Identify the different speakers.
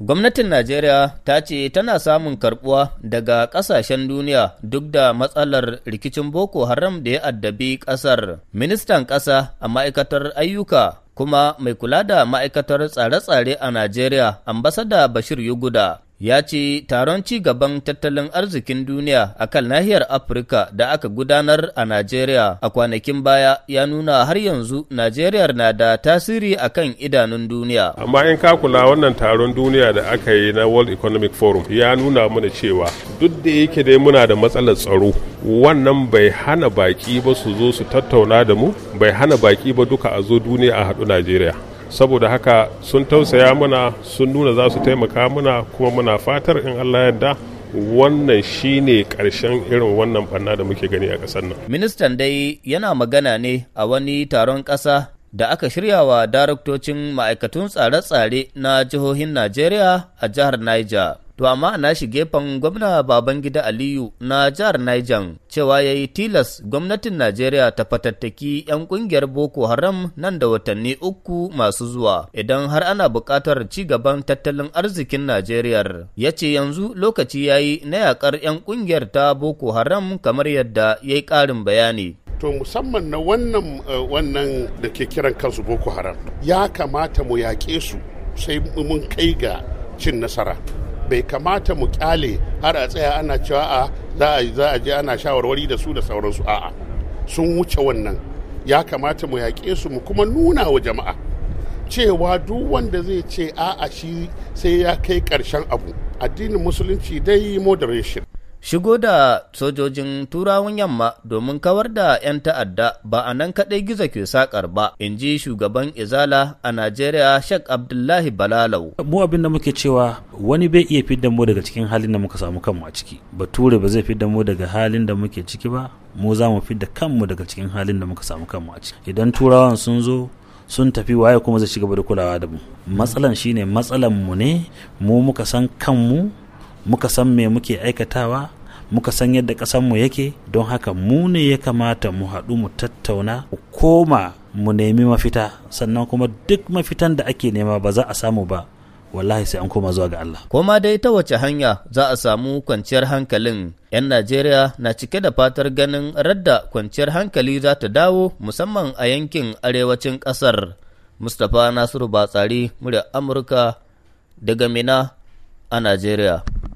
Speaker 1: Gwamnatin Najeriya ta ce tana samun karɓuwa daga ƙasashen duniya duk da matsalar rikicin Boko Haram da ya addabi ƙasar. Ministan ƙasa a ma'aikatar ayyuka kuma mai kula da ma'aikatar tsare-tsare a Najeriya, ambasada Bashir Yuguda, ya ce taron ci gaban tattalin arzikin duniya a kan nahiyar Afirka da aka gudanar a Najeriya a kwanakin baya ya nuna har yanzu Najeriya na da tasiri a kan idanun duniya. Amma in ka
Speaker 2: kula wannan taron duniya da aka yi na World Economic Forum ya nuna mana cewa duk da yake dai muna da matsalar tsaro wannan bai hana baki ba su zo su tattauna da mu bai hana baki ba duka a zo duniya a haɗu Najeriya. saboda haka sun tausaya mana sun nuna za su taimaka mana kuma muna fatar in allah yadda wannan shine karshen irin wannan banna da muke gani a ƙasar nan
Speaker 1: ministan dai yana magana ne a wani taron ƙasa da aka shirya wa daraktocin ma'aikatun tsare-tsare na jihohin najeriya a jihar niger To amma na shi gefen gwamna Babangida Aliyu na jihar Niger cewa ya yi tilas gwamnatin Najeriya ta fatattaki 'yan kungiyar Boko Haram nan da watanni uku masu zuwa idan har ana buƙatar ci gaban tattalin arzikin Najeriya. Ya ce yanzu lokaci ya yi na yaƙar 'yan kungiyar ta Boko Haram kamar yadda ya yi ƙarin bayani.
Speaker 3: to musamman na wannan eh, wannan da ke kiran kansu boko haram ya kamata mu yaƙe su sai mun kai ga cin nasara bai kamata mu kyale har a tsaya ana cewa a za a je ana shawarwari da su da sauransu a'a sun wuce wannan ya kamata mu yaƙe su mu kuma nuna wa jama'a cewa duk wanda zai ce a'a shi sai ya kai ƙarshen abu addinin musulunci dai moderation Shigo da
Speaker 1: sojojin turawan yamma domin kawar da 'yan ta'adda ba a nan kaɗai gizo ke sakar ba, in ji shugaban Izala a Najeriya shek Abdullahi Balalau.
Speaker 4: Mu abin da muke cewa wani bai iya fidda mu daga cikin halin da muka samu kanmu a ciki. Bature ba zai fidda mu daga halin da muke ciki ba, mu za mu fidda kanmu daga cikin halin da muka samu kanmu a ciki. Idan turawan sun zo sun tafi waye kuma zai shiga da kulawa da mu. Matsalan shine matsalan mu ne, mu muka san kanmu muka san me muke aikatawa muka san yadda ƙasanmu yake don haka mu ne ya kamata mu haɗu mu tattauna mu koma mu nemi mafita sannan kuma duk mafitan da ake nema ba za a samu ba wallahi sai an koma zuwa ga Allah. Koma dai ta wace hanya za a samu kwanciyar hankalin 'yan Najeriya
Speaker 1: na cike da fatar ganin radda kwanciyar hankali za ta dawo musamman a yankin arewacin ƙasar. Mustapha Nasiru Batsari, murya Amurka daga Mina a Najeriya.